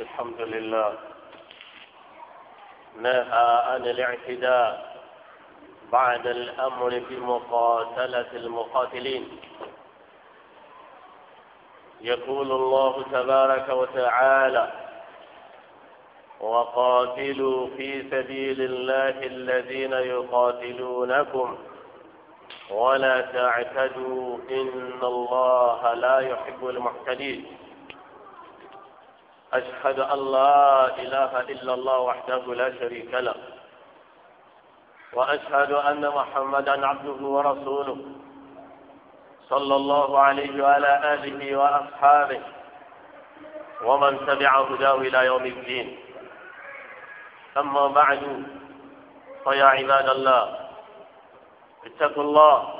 الحمد لله نهى عن الاعتداء بعد الأمر بمقاتلة المقاتلين يقول الله تبارك وتعالى وقاتلوا في سبيل الله الذين يقاتلونكم ولا تعتدوا إن الله لا يحب المعتدين أشهد أن لا إله إلا الله وحده لا شريك له وأشهد أن محمدا عبده ورسوله صلى الله عليه وعلى آله وأصحابه ومن تبع هداه إلى يوم الدين أما بعد فيا عباد الله اتقوا الله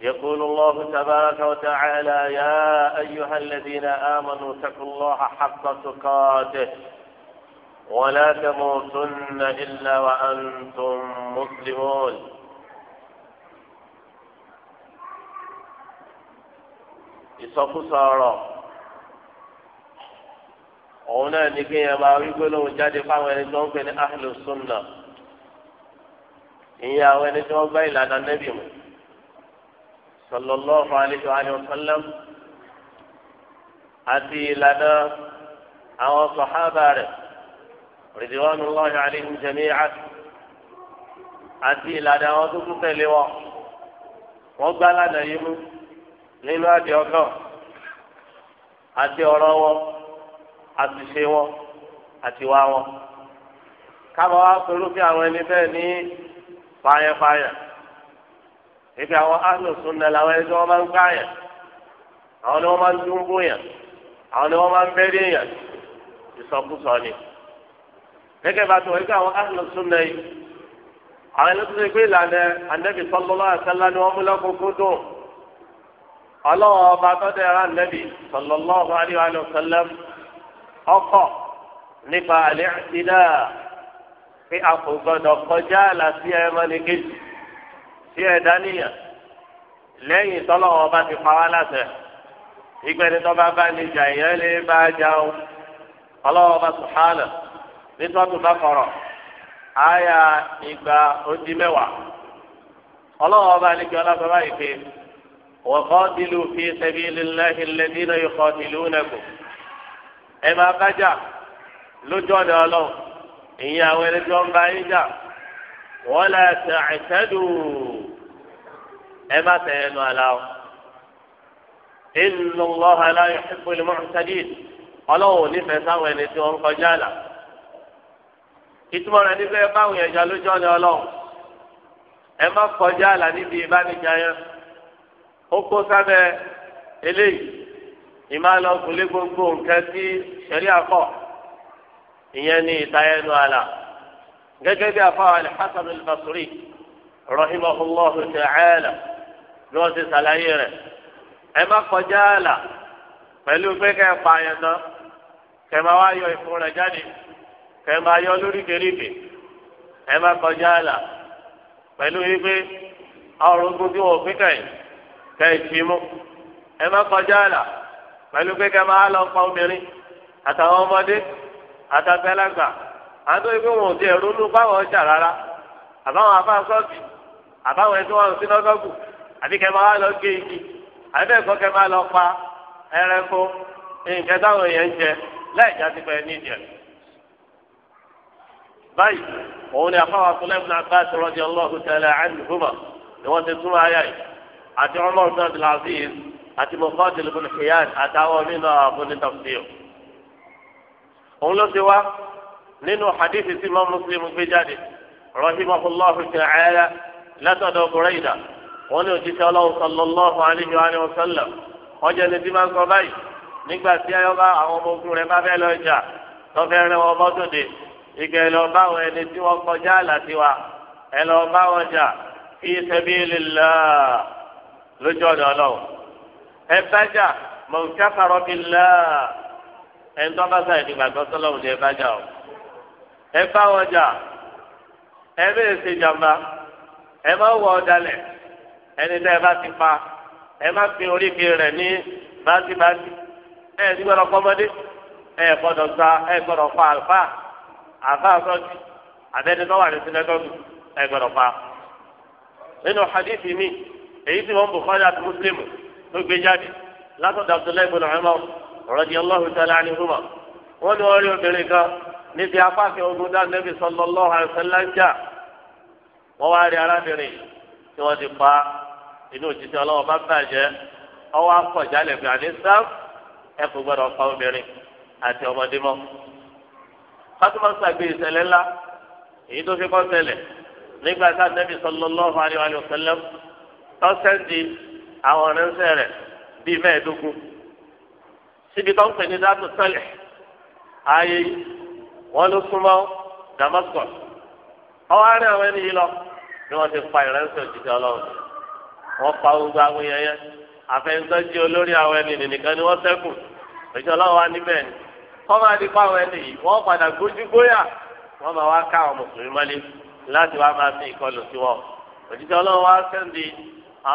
يقول الله تبارك وتعالى يا أيها الذين آمنوا اتقوا الله حق تقاته ولا تموتن إلا وأنتم مسلمون إصف سارة هنا نجي يا باوي قولوا جاد فاوين زوجين أهل السنة إن يا وين زوجين لنا نبي مسلم sallallahu alayhi wa sallam àti ìlànà àwọn sọ̀hábà rẹ̀ ridwanullahi alayhim jami'an àti ìlànà àwọn tó tún tẹ̀lé wọn wọ́n gbá lánàá yìí mú nínú àdì ọgàn àti ọ̀rọ̀ wọn àti ṣe wọn àti wá wọn káwọn wá pẹ̀lú bí àwọn ẹni bẹ́ẹ̀ ní fàyẹ̀fàyẹ̀ ebi àwọn ahlu sunna làwọn ẹni tí wọn máa ń gbá yẹn àwọn ni wọn máa ń dúnbó yẹn àwọn ni wọn máa ń bẹ̀rẹ̀ yẹn ìsọkúsọ ni gẹ́gẹ́ bá tó ẹgbẹ́ àwọn ahlu sunna yìí àwọn ẹni tó ti gbé anabi sallallahu alaihi ni wọn mú lọkùnkún dùn ọlọ́wọ́ ọba tọ́tẹ̀ ara anabi sallallahu alaihi wasallam ọkọ̀ nípa àlẹ́ àtìlá pé a kò gbọdọ̀ kọjá àlàáfíà ẹ̀ mọ́ni kejì tí ẹ̀dá níyàn lẹ́yìn tọ́lọ́wọ́ bá ti pa wá láṣẹ ìgbẹ́ni tó bá bá ní jà ìyẹn lè bá jà ó ọlọ́wọ́ bá sùhánà nítorí tó bá kọ̀rọ̀ àyà ìgbà ó mẹ́wàá ọlọ́wọ́ bá ní kí ọlọ́fẹ́ báyìí pé وقاتلوا في سبيل الله الذين يقاتلونكم ẹ máa bá jà lójú ọ̀nà ọlọ́run ìyẹn àwọn ẹni tí wọ́n bá yín jà wọ́lá tẹ̀sẹ̀dù ẹ má tẹ̀yẹ nù aláwọ̀ inú lọ́hà aláyọ̀ ìpínlẹ̀ mọ́tàdì ọlọ́wọ́ nífẹ̀ẹ́ sáwọn ẹni tí wọ́n ń kọjá là ìtumọ̀ rẹ̀ nífẹ̀ẹ́ báwọn ẹ̀já lójú ọ̀nà ọlọ́wọ́ ẹ má kọjá là níbi ìbánijayán ó kó sábẹ́ eléyìí ìmáàlọ́ gbogbo nǹkan tí ṣẹ̀rí àkọ́ ìyẹn ní ìtayẹnu àlà gẹ́gẹ́ bí afáwọn alḥasan al-basri rahimahullahu ta'ala ni wọ́n ti ṣàlàyé rẹ̀ ẹ má kọjá àlà pẹ̀lú pé kẹ́ ẹ pa àyàn tán kẹ́ ẹ máa wá yọ ìfun rẹ̀ jáde kẹ́ ẹ máa yọ lóríkèéríkè ẹ má kọjá àlà pẹ̀lú wípé ọrùn ogun tí wọ́n fi kẹ́yìn kẹ́ ẹ tì mú ẹ má kọjá àlà pẹ̀lú pé kẹ́ ẹ lọ pa obìnrin àtàwọn ọmọdé àtàgbẹ́lágbà. àádọ́ ìpé wọn ò tiẹ̀ ronú báwọn ọjà rárá àbáwọn afáàsọ́ọ̀bì àbáwọn ẹni tí wọ́n ń sin àbí kẹ́ máa lọ gé igi àbí bẹ́ẹ̀ kọ́ máa lọ pa nǹkan táwọn èèyàn jẹ ní báyìí òun ni afáwọn ni wọ́n ti ayá yìí àti àti àtàwọn mí nínú hadithi tí ma muslim gbé jáde rahimahullahu ta'ala látọ̀dọ̀ burayda wọn ni òjíṣẹ́ ọlọ́run sallallahu alayhi wa sallam wọn jẹ́ ní bímọ sọ báyìí nígbà tí ayọ́bá àwọn ọmọ ogun rẹ̀ bá fẹ́ lọ jà tọ́fẹ́ rẹ̀ wọn bọ́sọ̀dé ìgbà ẹ̀ lọ bá wọn ẹni tí wọ́n kọjá àlà wa ẹ̀ lọ bá wọn jà fi sabilillah lójú ọ̀dọ̀ ọlọ́run ẹ bá jà mọ̀ọ́kẹ́ kàrọ́ bí lá ẹ̀ ń tọ́ bá sáyẹ̀ nígbà tó sọ́lọ́run ni ẹ bá jà o. ẹ bá wọn jà ẹ bẹ́ẹ̀ ṣe jàmbá ẹ má wọ ọ̀dàlẹ̀ ẹni tẹ́ ẹ bá ti pa ẹ má fi oríkì rẹ̀ ní bátíbátí ẹ ẹ ti gbọ́dọ̀ kọ́mọdé ẹ ẹ gbọ́dọ̀ sa ẹ gbọ́dọ̀ pa àlùfáà àlùfáà sọ́ọ̀tì àbẹ́ni tó wà ní hadithi mi èyí tí àti Muslim ló gbé jáde látọ̀dọ̀ Abdullahi ta'ala rí obìnrin kan. níbi afáfẹ́ ogun dá nẹ́bí sallallahu alaihi wasallam wọ́n wá rí arábìnrin tí wọ́n ti pa inú òjijì ọlọ́wọ́ bá bàjẹ́ ọwọ́ akọ̀jálẹ̀ bí àní sáf ẹ kò gbọ́dọ̀ pa obìnrin àti ọmọdé mọ́. fatima sàgbé ìṣẹ̀lẹ̀ ńlá èyí tó fi kọ́ ṣẹlẹ̀ nígbà tá nẹ́bí sallallahu alaihi wasallam tó sẹ́ǹdì àwọn ọ̀rẹ́nsẹ̀ rẹ̀ bíi mẹ́ẹ̀ẹ́dógún síbi tó ń pè ní dátù sẹ́lẹ̀ ayé wọ́n ló súnmọ́ Damascus ọwọ́ àárín àwọn ẹni yìí lọ ni wọ́n ti pa ìrẹsì òjijì ọlọ́run wọ́n pa gbogbo àwọn yẹn olórí àwọn ẹni nìkan ni wa ni wọ́n máa di pa àwọn ẹni yìí padà gbójú gbóyà máa wá ká àwọn mùsùlùmí láti wa àwọn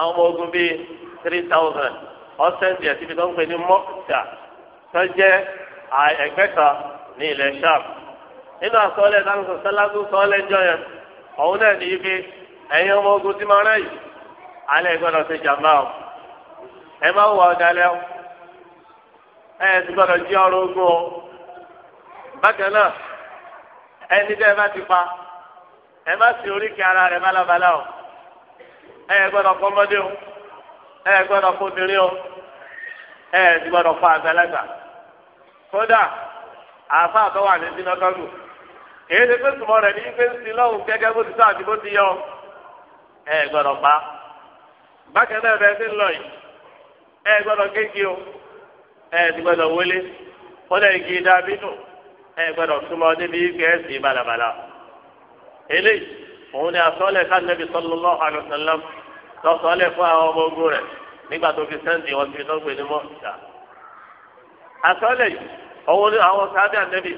ọmọ ogun bíi three thousand tó ń pè ní tó nínú àsọlẹ̀ dáhùn sọ́lágù sọ́lẹ̀ ń jọyọ̀ ọ̀hún náà ní ibi ẹ̀yin ọmọ ogun tí máa rẹ̀ yìí alẹ́ gbọ́dọ̀ ṣe jàmbá o ẹ má wọ o ẹ ti gbọ́dọ̀ jí ọrọ̀ ogun o bákan náà ẹni tẹ́ ẹ bá ti pa ẹ má sì oríkì ara rẹ̀ bálabàlá o ẹ gbọ́dọ̀ kọ́ ọmọdé o ẹ gbọ́dọ̀ kó obìnrin o ti gbọ́dọ̀ kọ́ kódà àáfàá tó wà èyí ti pé sùmọ́ rẹ̀ ní pé sí lọ́hùn gẹ́gẹ́ bó ti sọ àti bó ti yọ ẹ gbọ́dọ̀ pa bákẹ́ náà bẹ́ẹ̀ ti lọ yìí ẹ gbọ́dọ̀ kéèké o ẹ ti wọlé nù ẹ balabala eléyìí òun ni fún àwọn ọmọ ogun nígbà tó fi wọn fi ní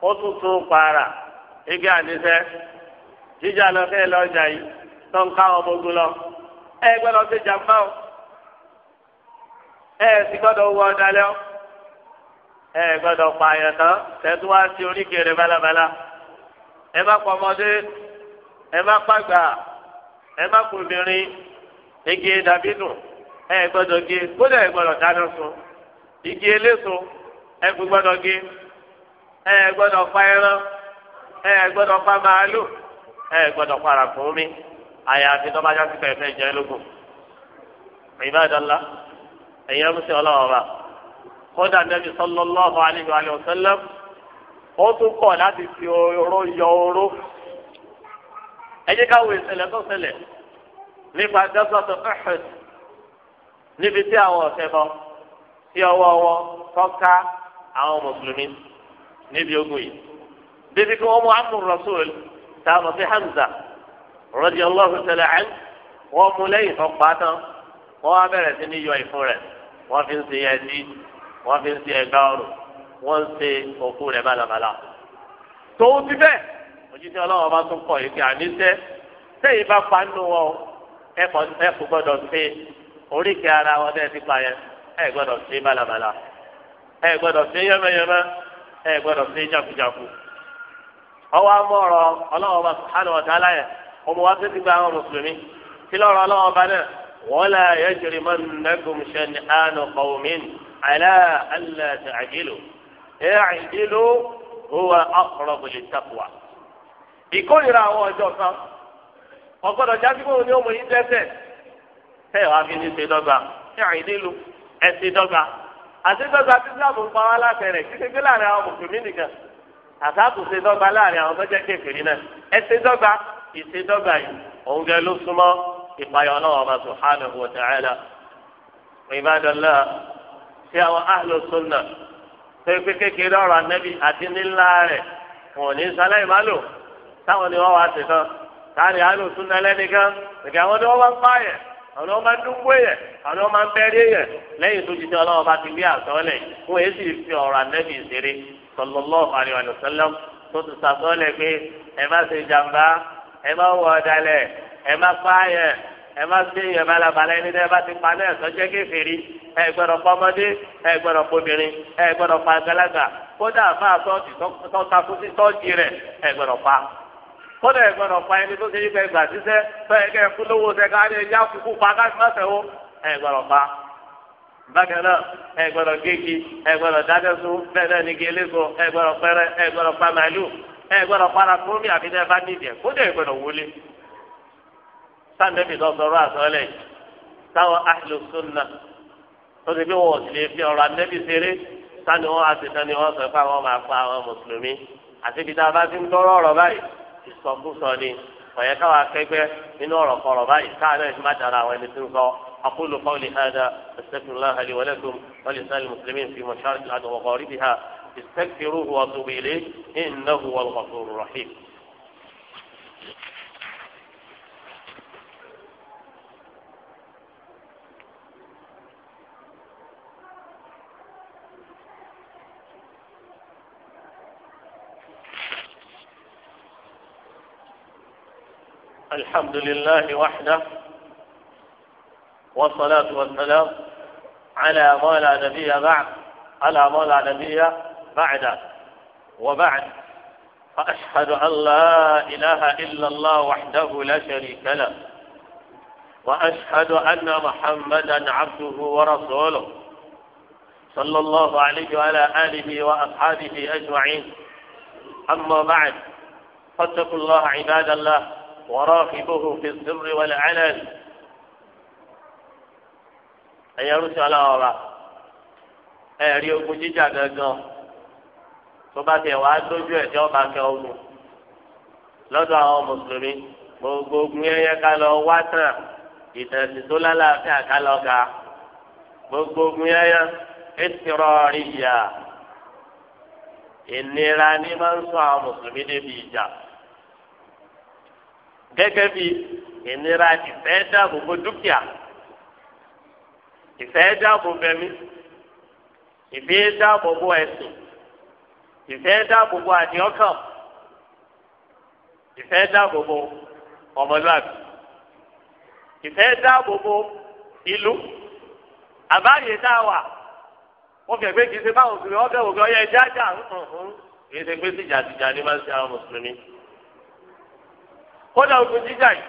ó tún tún para igi àdìsẹ́ jíjà lọ fẹ́ lọ́jà yìí tó ń ká ọmọ ogun lọ ẹ gbọ́dọ̀ sí jàmbá o ẹ sì gbọ́dọ̀ wọ ẹ gbọ́dọ̀ tán wá sí balabala ẹ bá pọ̀ ọmọdé ẹ bá pàgbà ẹ bá kú obìnrin igi sun igi eléso ẹ gbọ́dọ̀ gé. ẹ gbọ́dọ̀ pa ẹran ẹ gbọ́dọ̀ pa màálù ẹ gbọ́dọ̀ pa ràkúnmí àyàfi tó bá já sí fẹfẹ jẹ lóko ìbádọlá ẹyẹ ń sẹ Ọlọ́run ra kódà nẹbi sallallahu alaihi wa sallam ó tún kọ̀ láti fi oró yọ oró ẹ jẹ́ ká wo ìṣẹ̀lẹ̀ tó ṣẹlẹ̀ nípa dọ́sọ̀tò Uhud níbi tí àwọn ọ̀sẹ̀ bọ̀ tí ọwọ́ wọn tọ́ka àwọn mùsùlùmí níbi ogun yìí bíbí kí wọn mú amú rasul táàmù sí hamza rọjì ọlọ́run tẹlẹ ẹ̀ wọn mú lẹ́yìn ọ̀pá tán wọn wá bẹ̀rẹ̀ sí ní yọ ìfún rẹ̀ wọn fi ń ṣe ẹdí wọn fi ń ṣe ẹgbà ọrùn wọn ń ṣe òkú rẹ̀ bálabàlà. tòun ti bẹ́ẹ̀ òjijì ọlọ́run bá tún kọ̀ yìí kí àníṣe sẹ́yìn bá pa nínú wọn ẹ kò gbọ́dọ̀ ṣe oríkèé ara wọn bẹ́ẹ̀ ti pa yẹn ẹ gbọ́dọ̀ ṣe bálabàlà ẹ gbọ́dọ̀ ṣe yẹ́mẹ́yẹ́mẹ́ ẹ gbọ́dọ̀ fi jakujaku ọwọ́ amọ̀rọ̀ ọlọ́wọ́ bá sùhánù ọ̀tá aláyẹ ọmọ wa fi ti gba àwọn mùsùlùmí kí lọ́rọ̀ ọlọ́wọ́ bá náà wọ́n lè yẹjìrì mọ́ nẹ́gùn ṣẹ́ni àánú kọ̀wọ́mìn àlá àlá ti àjìlò ẹ àjìlò òwò àkọ̀rọ̀ kò lè takuwa. ìkórìíra àwọn ọjọ́ kan ọgbọ́dọ̀ jásíkò ní ọmọ yìí dẹ́sẹ̀ ẹ wàá fi ní ṣe dọ́gba ẹ àjìlò ẹ ṣe dọ́gba àtẹ́gbẹ́sọ àti islam ń pa wá látẹ̀rẹ̀ títí gbé láàrin àwọn mùsùlùmí nìkan àtàkùn ṣe dọ́gba láàrin àwọn tọ́jẹ́ kékeré náà ẹ ṣe dọ́gba ìṣe dọ́gba yìí òun gẹ ló súnmọ́ ìpayọ̀ ọlọ́wọ́ ọba subhanahu wa ta'ala ibadallah ṣé àwọn ahlu sunna tó pé kékeré ọ̀rọ̀ anábì àti nílá rẹ̀ wọn ní sálẹ̀ ìmálò táwọn ni wọ́n wá ṣe tán táàrí ni wọ́n àwọn ọmọ dúpọ̀ yẹ àwọn ọmọ bẹ́ẹ̀rẹ̀ yẹ lẹ́yìn tó ti di ọlọ́wọ́ bá ti rí àtọ́lẹ̀ fún èyí sì fi ọ̀rọ̀ ànẹ́bí ìṣeré sallallahu alaihi wa sallam tó ti sàtọ́lẹ̀ pé ẹ má ṣe jàmbá ẹ má wọ ọ̀dàlẹ̀ ẹ má pààyẹ ẹ má ṣe yẹ balabala ẹni tẹ́ bá ti pa náà sọ́jẹ́ kéferì ẹ gbọ́dọ̀ pọ́mọdé ẹ gbọ́dọ̀ pọ́bìnrin ẹ gbọ́dọ̀ pa àgbàlagbà kódà fáà tọ́ọ̀tì tọ́ka fún sí tọ́ọ̀tì rẹ̀ ẹ gbọ́dọ̀ pa kódà ẹ̀gbọ́dọ̀ pa ẹni tó ṣe yí fẹ́ gbà síṣẹ́ fẹ́ kẹ́ ẹ kú lówó ṣẹ ká ní ẹja kúkú pa ká sì má sẹ́wó ẹ̀gbọ́dọ̀ pa. bákan náà ẹ̀gbọ́dọ̀ géèkì ẹ̀gbọ́dọ̀ dákẹ́sù bẹ́ẹ̀ náà ní kí eléso ẹ̀gbọ́dọ̀ pẹ́rẹ́ ẹ̀gbọ́dọ̀ pa màálù ẹ̀gbọ́dọ̀ para kúrúmì àfi tẹ́ bá nídìí ẹ̀ kódà ẹ̀gbọ́dọ̀ wọlé. sáńdẹ́bì tó sọ̀rọ̀ àsọ̀lẹ̀ táwọn ahlù sunna ó ti bí wọn ò sì lè fi ọ̀rọ̀ ànẹ́bì ṣeré sáni wọn àti sáni wọn sọ fún àwọn máa pa ìsọkúsọ ni ọ̀yẹ́ káwa kẹgbẹ́ nínú ọ̀rọ̀ kọ̀rọ̀ báyìí káàánú ẹ̀sìn má dára àwọn ẹni tó ń sọ أقول قولي هذا أستغفر الله لي ولكم ولسائر المسلمين في مشارق الأرض وغاربها استغفروه وأتوب إليه إنه هو الغفور الرحيم الحمد لله وحده والصلاة والسلام على ما لا نبي بعد على ما لا نبي بعد وبعد فأشهد أن لا إله إلا الله وحده لا شريك له وأشهد أن محمدا عبده ورسوله صلى الله عليه وعلى آله وأصحابه أجمعين أما بعد فاتقوا الله عباد الله وراقبه في السر والعلن ẹ̀yẹ rúṣọ aláwọ̀ra ẹ̀rí ogun jíjà gangan tó bá tẹ̀ wá lójú ẹ̀ tí wọ́n bá kẹ ogun lọ́dọ̀ àwọn mùsùlùmí gbogbo ogun yẹn ká lọ wá tàn ìtẹ̀sí tó lálàáfíà ká lọ ga gbogbo ogun yẹn ètùrọ̀ rí ìyà ìnira ni máa ń sọ àwọn mùsùlùmí débi ìjà. gẹ́gẹ́ bí ìnira ìfẹ́ dáàbò bo dúkìá ìfẹ́ dáàbò bẹ̀mí ìfẹ́ dáàbò bo ẹ̀sìn ìfẹ́ dáàbò bo àdìọ́kàn ìfẹ́ dáàbò bo ọmọlúwàbí ìfẹ́ dáàbò bo ìlú àbáyé tá a wà wọ́n ṣe ń hàn ṣe máa ń ṣe àwọn mùsùlùmí. kódà ogun jíjà yìí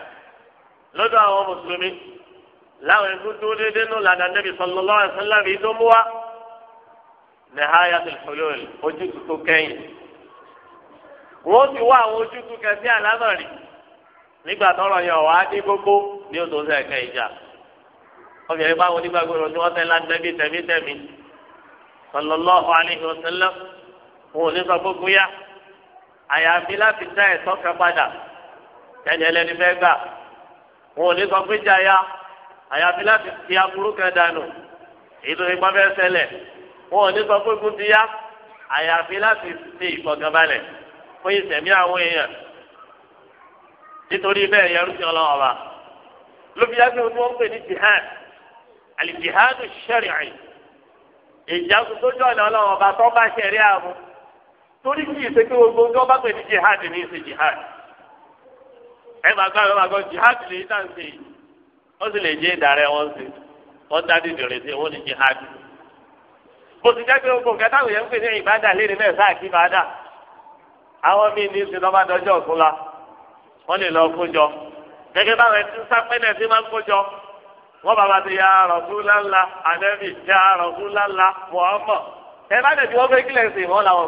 lọ́dọ̀ àwọn mùsùlùmí láwọn ẹgbẹ́ tó déédéé nù lànà nẹ́bí sallallahu alaihi wasallam tó mú wa nihayatul hulul ojútùú tó kẹ́yìn wọ́n ti wá àwọn ojútùú kẹsí àlámà rí nígbà tọrọ yẹn wàá dé gbogbo ní oṣù tó ẹ̀kẹ́ ìjà obìnrin báwo nígbàgbọ́ rẹ̀ tí wọ́n fẹ́ lánàá nẹ́bí tẹ̀mítẹ̀mí sallallahu alaihi wasallam wọn ò ní sọ ẹni ẹlẹ́ni fẹ́ gbà wọn ò ní sọ pé jaya àyàfi láti fi aburú dànù ètò ìgbà wọn ò ní sọ pé kú ti yá àyàfi láti fi ìfọ̀kànbalẹ̀ fún ìsẹ̀mí àwọn èèyàn nítorí ọba lóbi yàtọ̀ tí wọ́n ń pè ní jihad ìjà ọ̀nà ọlọ́wọ́ bá ṣẹ̀rí torí pè ní jihad ní ẹ máa gbọ́ ẹ máa gbọ́ jihad lè dá sí i wọ́n sì lè jẹ́ ìdàrẹ́ wọn sí wọ́n dá dídì rẹ̀ sí wọ́n ní jihad. bó ti jẹ́ pé gbogbo nǹkan táwọn yẹn ń pè ní ìbádà lé ní náà sáà kí ìbádà àwọn míì ní sinọ́ bá dọjọ́ ọ̀tún la wọ́n lè lọ kójọ gẹ́gẹ́ báwọn ẹtí sápẹ́nẹ̀ sí máa ń kójọ wọ́n bàbá ti ya Rasulullah anẹ́bí ya Rasulullah Muhammad ẹ bá dẹ̀ bí wọ́n fẹ́ kílẹ̀ sí wọn làwọn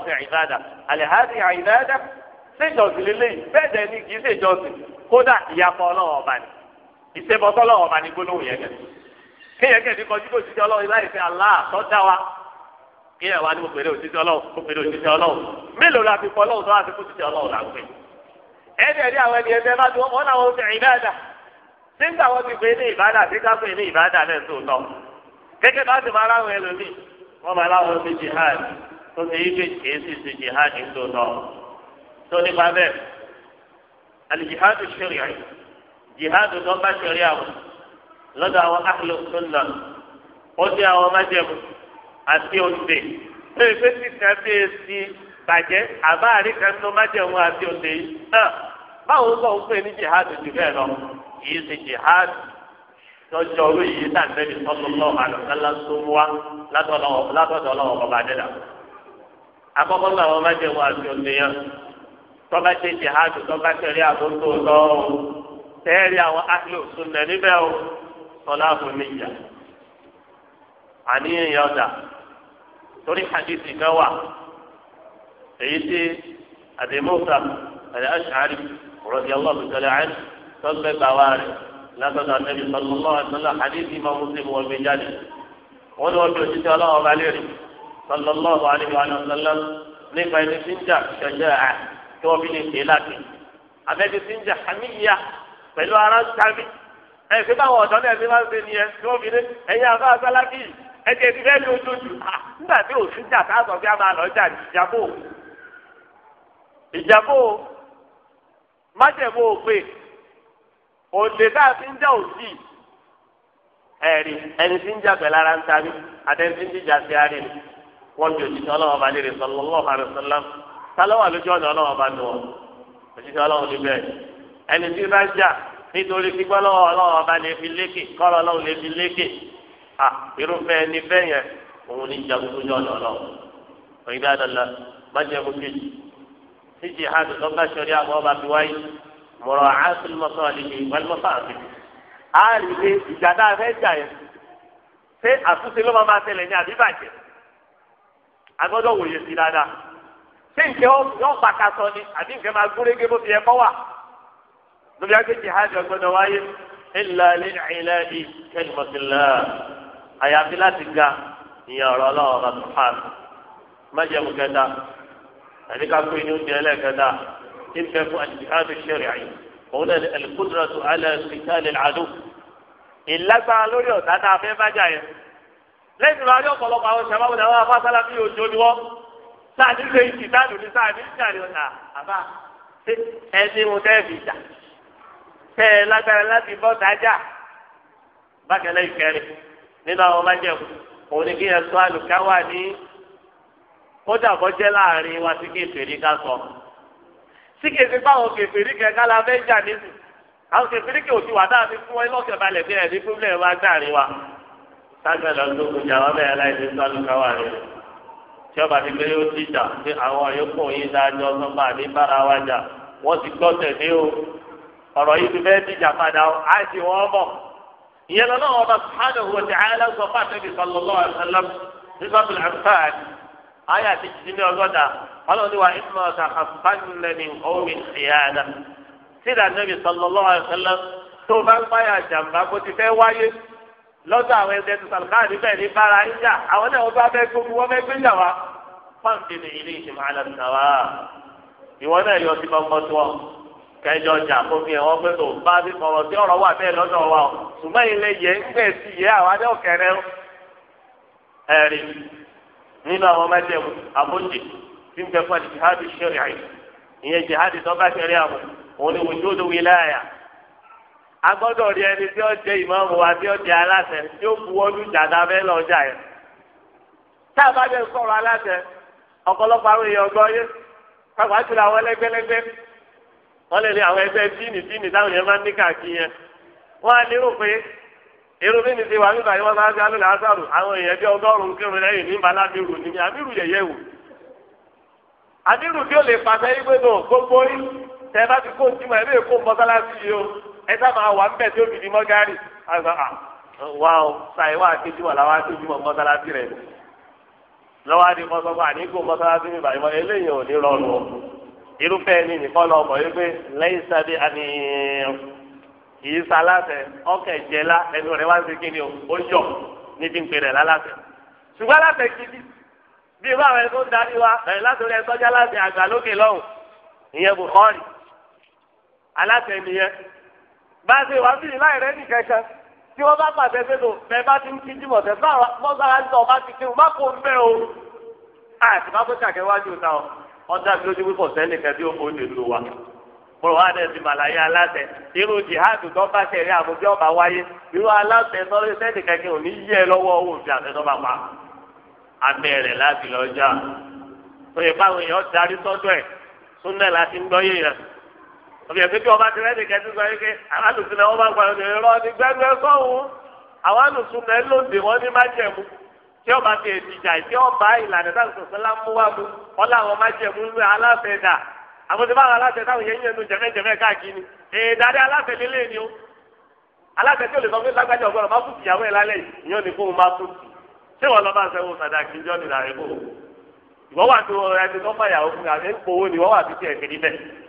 fi ni kódà ìyàpọ̀ ọlọ́wọ́ ọba ni ìṣẹ́bọ̀tọ́ ọlọ́wọ́ ọba ni gbólóhùn yẹn kẹ́ kéèyàn kẹ́ẹ̀dí kọjú kó òṣìṣẹ́ ọlọ́wọ́ ìlà ìfẹ́ aláà wa kéèyàn wá ní mo pèrè òṣìṣẹ́ ọlọ́wọ́ mo pèrè òṣìṣẹ́ ọlọ́wọ́ mélòó la fi kọ́ ọlọ́wọ́ tó wà fi kó òṣìṣẹ́ ọlọ́wọ́ là ń pè ẹ̀ẹ́dẹ̀ àwọn ẹni ẹgbẹ́ máa ti náà nígbà ti pè ní ní náà tó bá alijihadu shari'i jihadu dọ́gba shari'i àwọn lọ́dọ̀ àwọn ahlu sunna ó di àwọn májẹ̀mú àti òǹdè pé pé sísè bí esi bàjẹ́ àbá àríkà tó májẹ̀mú àti òǹdè yìí náà báwo kọ́ ń pè ní jihadu jù bẹ́ẹ̀ lọ kì í ṣe jihadu lọ́jọ́ orí yìí tàbí sọ́kùnlọ́ àlùkálá tó ń wá látọ̀dọ̀ ọlọ́wọ́ ọba àdẹ́dà. akọ́kọ́ náà wọ́n máa jẹun àti òǹdè yẹn tọ́ba ṣe jihadu tọ́ba tẹ̀lé àbótó lọ́wọ́ tẹ́ẹ̀rí àwọn ahlù sunnah níbẹ̀ o sọlá fún mi jà àníyàn yọ̀dà torí hadithi kan wà èyí tí àdèmọ́sà al-Ash'ari radiyallahu ta'ala anhu tọ́gbẹ́ gbàwá rẹ̀ látọ̀dọ̀ àtẹ́bí sallallahu alaihi wasallam hadithi máa mú sí wọn gbé jáde wọn ni wọn bí òṣìṣẹ́ ọlọ́wọ́ balẹ̀ rí sallallahu alaihi wasallam nípa ẹni tí ń jà ṣẹ̀ṣẹ̀ àá. tí wọ́n fi lè ṣe láti àbẹ́bí ti ń jà àníyá pẹ̀lú ara ń tàbí ẹ̀ báwọn ọ̀dọ́ náà ti máa ń ṣe nìyẹn tí wọ́n fi ní ẹ̀yìn àbá sálákì ẹ̀jẹ̀ ti fẹ́ lé ojoojú nígbà tí ò sí jà sáàtọ̀ bí a máa lọ jà ìjàbọ̀ ìjàbọ̀ májẹ̀mú òpè òǹdè tá a ti ń jà òsì ẹ̀rí ẹni tí ń jà pẹ̀lú ara ń ń jà sí ti òjì sálọ́wà lójú ọ̀nà ọlọ́wọ́ bá nù ọ́ òṣìṣẹ́ ọlọ́wọ́ ní bẹ́ẹ̀ ẹni tí bá jà nítorí gbígbọ́ lọ́wọ́ ọlọ́wọ́ bá lè fi lékè kọ́rọ̀ ọlọ́wọ́ lè fi lékè à irúfẹ́ ẹni bẹ́ẹ̀ yẹn òun ní jagun lójú ọ̀nà ọlọ́wọ́ òyìnbí àdàlà má jẹ́ kó kéjì títí hàdù lọ́gbà sọ́rí àwọn ọba fi wáyé mọ̀rọ̀ àásùn mọ́sán àlejò ìgbàlùmọ́sán àti ṣé nǹkẹ́ yọ bàtà sọ ni àbí nǹkẹ́ máa gúrégé bó ti yẹ kọ́ wà lórí agbé jihad ọgbọ́dọ̀ wáyé illa lil ilahi kalimatillah àyàfi láti ga ìyẹn ọ̀rọ̀ ọlọ́run ọba sùpàn májẹ̀mú kẹta àti kakú inú ti ẹlẹ́kẹta tí ń bẹ fún àjìhádù ṣẹ̀rìà yìí òun náà ní al-qudratu ala qitalil adu ìlágbára lórí ọ̀tá tá a fẹ́ bá jà yẹn lẹ́yìn ìrọ̀lẹ́ ọ̀pọ̀lọpọ̀ àwọn ìṣẹ̀wá sáàdì lè ti sáàdì ní sáàdì ní sáàdì ọ̀tà àbá ẹni mo tẹ́ fi jà tẹ́ ẹ lágbára láti bọ́ dájà bákẹ́lẹ́ ìkẹrin nínú àwọn májẹ̀kù òun ni kí ẹ sọ àlùkà wà ní kódà bọ́ láàrin wa sí kèfèrí ká sọ sí kèfèrí báwọn kèfèrí kẹ̀kẹ́ la fẹ́ jà nísìn àwọn kèfèrí kẹ̀ òsì wà dáa fi fún wọn lọ́kẹ̀ balẹ̀ bí ẹ̀ ní pírọ́blẹ̀ wa gbàrin wa sáàgbẹ̀ lọ́dún kò jà wọ́n bẹ̀rẹ̀ láì ní sọ àlùkà wà rẹ̀ tí ọba ti gbé yóò ti jà pé àwọn yòókù yìí dájọ́ sọ́gbà ní bára wa jà wọ́n ti gbọ́ tẹ̀lé o ọ̀rọ̀ yìí ti fẹ́ẹ́ dìjà padà o á sì wọ́n bọ̀. ìyẹn lọ náà ọba subhanahu wa ta'ala sọ fún àtẹ́bí sallallahu alaihi wasallam nígbà tó lẹ́nu fáà ní ayé àti jìjì ní ọgọ́dà ọlọ́ni wa ìmọ̀ ọ̀sà àfáàlùlẹ́ni ọ̀mí ìyáàdà sídà àtẹ́bí sallallahu alaihi tó bá ń báyà jàǹbá bó ti fẹ́ wáyé lọ́dọ̀ àwọn ẹgbẹ́ tó sàlùkà níbẹ̀ ní bára ìjà àwọn náà wọ́n bá fẹ́ gbogbo wọ́n fẹ́ gbé ìjà wa fáǹdì ní ilé ìṣèlú alàmìnà wa ìwọ náà yọ sí kọ́kọ́ tó wọn kẹjọ jà kó fi hàn wọn pé tó bá fi kọ̀rọ̀ sí ọ̀rọ̀ wà bẹ́ẹ̀ lọ́dọ̀ wa o ṣùgbọ́n ilé yẹ ń gbẹ̀ sí yẹ àwọn adé òkèrè ẹ̀rí nínú àwọn mẹ́tẹ̀ẹ̀mù àbójì tí ń bẹ fún àdìjì hádìí ṣẹ̀rì ìyẹn jihadi tó bá ṣẹ̀rì àwọn òun ni wòjú agbọ́dọ̀ rí ẹni tí ó jẹ ìmọ̀ọ́mù wa tí ó jẹ aláṣẹ tí ó bu ọdún jàdá bẹ́ẹ̀ lọ jà yẹn. tá a bá jẹ sọ̀rọ̀ aláṣẹ ọ̀pọ̀lọpọ̀ àwọn èèyàn gbọ́ yé pàápàá jùlọ àwọn ẹlẹ́gbẹ́lẹ́gbẹ́ wọ́n lè ní àwọn ẹgbẹ́ bíìnì bíìnì táwọn èèyàn máa ń ní káàkiri yẹn. wọ́n á lérò pé èrò bíìnì ti wà nígbà yìí wọ́n máa ń sáré lásàrò àwọn èèyàn bí ọgọ́rùn-ún kírun lẹ́yìn ní balabiru ní abiru yẹ̀yẹ́ wò. abiru tí ó lè pàṣẹ yí pé gbogbo yín tẹ bá ti kó ìtumọ̀ ẹ̀ ẹ sábà wà ń bẹ̀ tí òbí ni mọ́gárì wà ó ṣàì wà kéjì wà láwa tó bímọ mọ́sálásí rẹ̀ lọ́wọ́ á di mọ́sọ́gbà àníkù mọ́sálásí mi bàyìí eléyìí ò ní rọrùn o irúfẹ́ ẹni nìkan lọ mọ̀ wípé lẹ́yìn sábẹ́ àní kìí sa aláṣẹ ọkẹ ìjẹlá ẹnu rẹ wá sí kíni ó yọ níbi ń pè rẹ láláṣẹ ṣùgbọ́n aláṣẹ kìíní bí irú àwọn ẹni tó ń darí wa ẹ̀ látòrí ẹ̀ sọ́jà àgbà lókè lọ́hùn ìyẹn Bukhari aláṣẹ nìyẹn bá a ṣe wá sí ìlà ìrẹ́ nìkẹ́kẹ́ tí wọ́n bá pàṣẹ pé tó bá ti ń kí bá ọba ti kí wọ́n kó mẹ́ o. àti bá ta ọ ọjà tí ó ti wípọ̀ sẹ́lẹ̀ kẹ́ tí ó kó lè lò wá. wá ti màláyé aláṣẹ irú jihad tó bá àbújá ọba wáyé irú aláṣẹ òní yẹ lọ́wọ́ owó òfin bá pa. láti lọ́jà. òye báwo èèyàn darí òbí ẹgbẹ́ bí ọba ti rẹ́ nìkan ti sọ yìí pé àwọn àlùsùn náà wọ́n bá gba ọ̀dọ̀ ìrọ̀ ní gbẹ́gbẹ́ sọ́hùn àwọn àlùsùn náà lòdì wọ́n ní májẹ̀mú tí ọba ti èdìjà tí ọba ìlànà táwọn sọ̀sọ́ lá mú wá mu ọlá àwọn májẹ̀mú ní aláfẹ́ dà àbúté báwọn aláfẹ́ táwọn yẹn yẹn nu jẹ̀mẹ́jẹ̀mẹ́ káàkiri èdàdé aláfẹ́ lélẹ̀ ni ó aláfẹ́ tí ó lè sọ pé lágbájá ọgbọ́n máa fún ìyàwó ẹ̀ lálẹ́ ìyọ́n ní fóun máa fún ṣé wọn lọ bá ń sẹ́wọ́n sàdá kí jọ́ nìlà rẹ̀ kó ìwọ́ wà tó ẹni tó fàyàwó fún mi àti ń ni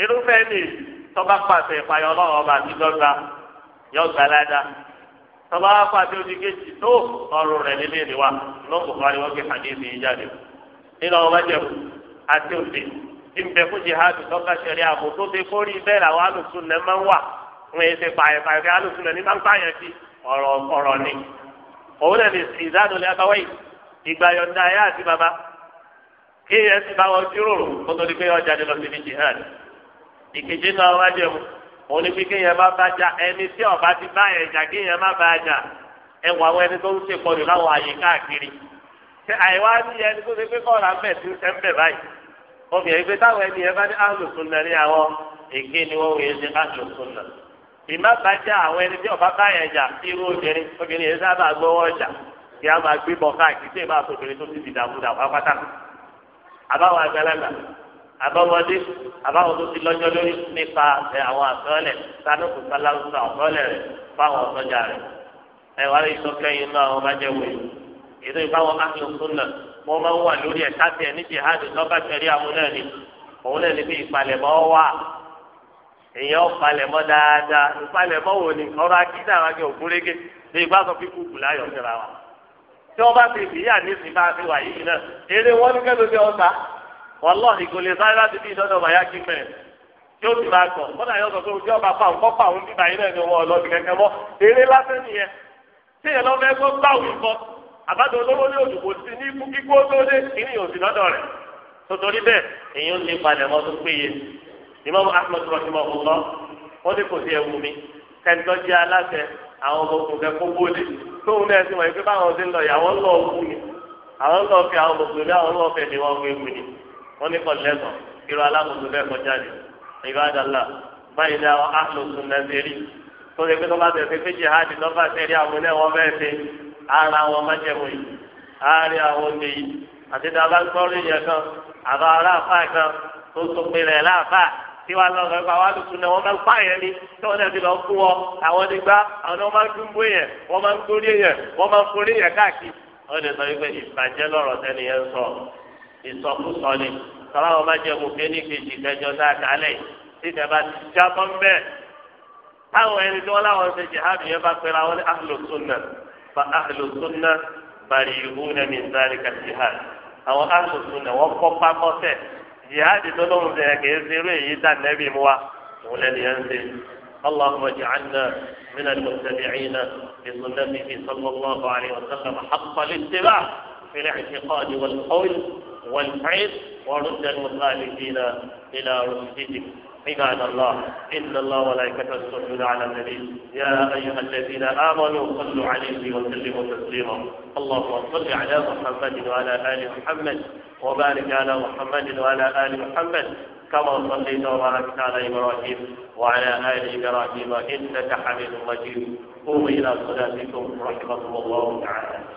irúfẹ́ ni tọ́ba pàṣẹ ìpayọ̀ ọlọ́run ọba àtijọ́gba yọ gbalada tọ́ba pàṣẹ oníkejì tó ọrùn rẹ̀ nílé ìdíwà lọ́kùn kan ni wọ́n gbé hadith yìí jáde nínú ọmọ jẹ̀kú àti òde ìbẹ̀ fún jihadu tọ́ka ṣẹlẹ̀ àbò tó ti kórìí bẹ́ẹ̀ làwọn máa ń wà wọ́n ti pààyàn pààyàn kí ní máa ń pààyàn sí ọ̀rọ̀ ni òun náà ìgbà ìkejì náà wájú ẹ̀mú òun ni má bá jà ẹni tí ọba ti bá yẹn jà kéèyàn má bá jà ẹwà àwọn ẹni tó ń ṣe kọlù láwọn àyè káàkiri ṣe àìwá ní ẹni ṣe pé kọ́ra ń bẹ̀ tí ń tẹ́ ń bẹ̀ báyìí obìnrin táwọn ẹni yẹn bá ní àlùsùn náà ní àwọn ni wòye ṣe àlùsùn náà ìmá bá jà àwọn ẹni tí ọba bá yẹn jà irú obìnrin obìnrin yẹn sábà a máa gbé bọ̀ káàkiri abọ́mọdé abáwọn tó ti lọ́jọ́ lórí nípa àwọn àtọ́lẹ̀ sanúkù sálámùsà àtọ́lẹ̀ rẹ̀ fáwọn sọ́jà rẹ̀ ẹ wá rí sọ́kẹ́yìn náà wọ́n bá jẹ́ wòye ètò ìbáwọn akéwòsàn náà wọ́n máa ń wà lórí ẹ̀ káfíẹ̀ ní jihad lọ́ba tẹ̀lé àwọn náà ni òun náà ni bí ìpalẹ̀mọ́ wà èèyàn palẹ̀mọ́ dáadáa ìpalẹ̀mọ́ wò ni ọ̀rọ̀ akíndà wa kẹ́ òkúrégé bí ìgbà wàláhì kò lè sáré láti bí ìdọ́dọ̀ bàyá kí mẹ́rin tí ó ti máa tọ̀ kọ́dà yóò sọ pé ojú ọba pa òǹkọ́ pa òun bíbá ilé ẹ̀dùn wọn ọlọ́dún kẹ̀kẹ́ mọ́ eré lásán nìyẹn tí èèyàn lọ́mọ ẹgbẹ́ gbá òun kọ́ àbájọ olówó ní òdùkò sí ní ikú kíkó tó dé kíní òsì lọ́dọ̀ rẹ̀ tòtòrí bẹ́ẹ̀ èèyàn lè padà mọ́ tó péye ìmọ̀ ahmed rahimah wọn ní kọ lẹsọ irú alákòóso bẹ́ẹ̀ kọjá ni ìbádàlá báyìí ni àwọn ahlùsùn náà ti rí tó ṣe pé tó bá tẹ̀ ṣe péjì háàdì tó bá tẹ̀lé àwọn ilé wọn bẹ́ẹ̀ ṣe ara wọn má jẹ̀mú yìí àárẹ̀ àwọn omi yìí àti tá a bá gbọ́ rí yẹn kan àbá aláàfà kan tó tó pé rẹ̀ láàfà tí wàá lọ sọ̀rọ̀ àwọn alùpùpù náà wọ́n máa ń pa yẹn ni tí wọ́n ti lọ kú ọ àwọn ti gbá àwọn náà wọ́n máa ń dúnbó yẹn wọ́n máa ń gbórí yẹn wọ́n máa ń forí yẹn káàkiri. wọ́n lè sọ wípé ìbàjẹ́ lọ́rọ̀ sẹ́ni sọ ìsọkúsọ ni tọ́lá wọn bá jẹ́ gòkè ní kejì kẹjọ sáà kálẹ̀ tí ìtẹ̀ bá ti jábọ́ ń bẹ́ẹ̀ táwọn ẹni tí wọ́n láwọn ṣe jihadi yẹn bá pera wọn ní ahlu sunna fa ahlu sunna bari ìhúnẹ mi sáré ka àwọn ahlu sunna wọn kọ́ pámọ́sẹ̀ jihadi tó lóun ṣe kì í ṣe eré èyí tá nẹ́bí mu wa òun lẹ́nu yẹn ń ṣe. اللهم اجعلنا من المتبعين لسنته صلى الله عليه وسلم حق الاتباع في الاعتقاد والقول والحيض ورد المخالفين إلى رشدهم عباد الله إن الله وملائكته يصلون على النبي يا أيها الذين آمنوا صلوا عليه وسلموا تسليما اللهم صل على محمد وعلى آل محمد وبارك على محمد وعلى آل محمد كما صليت وباركت على إبراهيم وعلى آل إبراهيم إنك حميد مجيد قوموا إلى صلاتكم رحمكم الله تعالى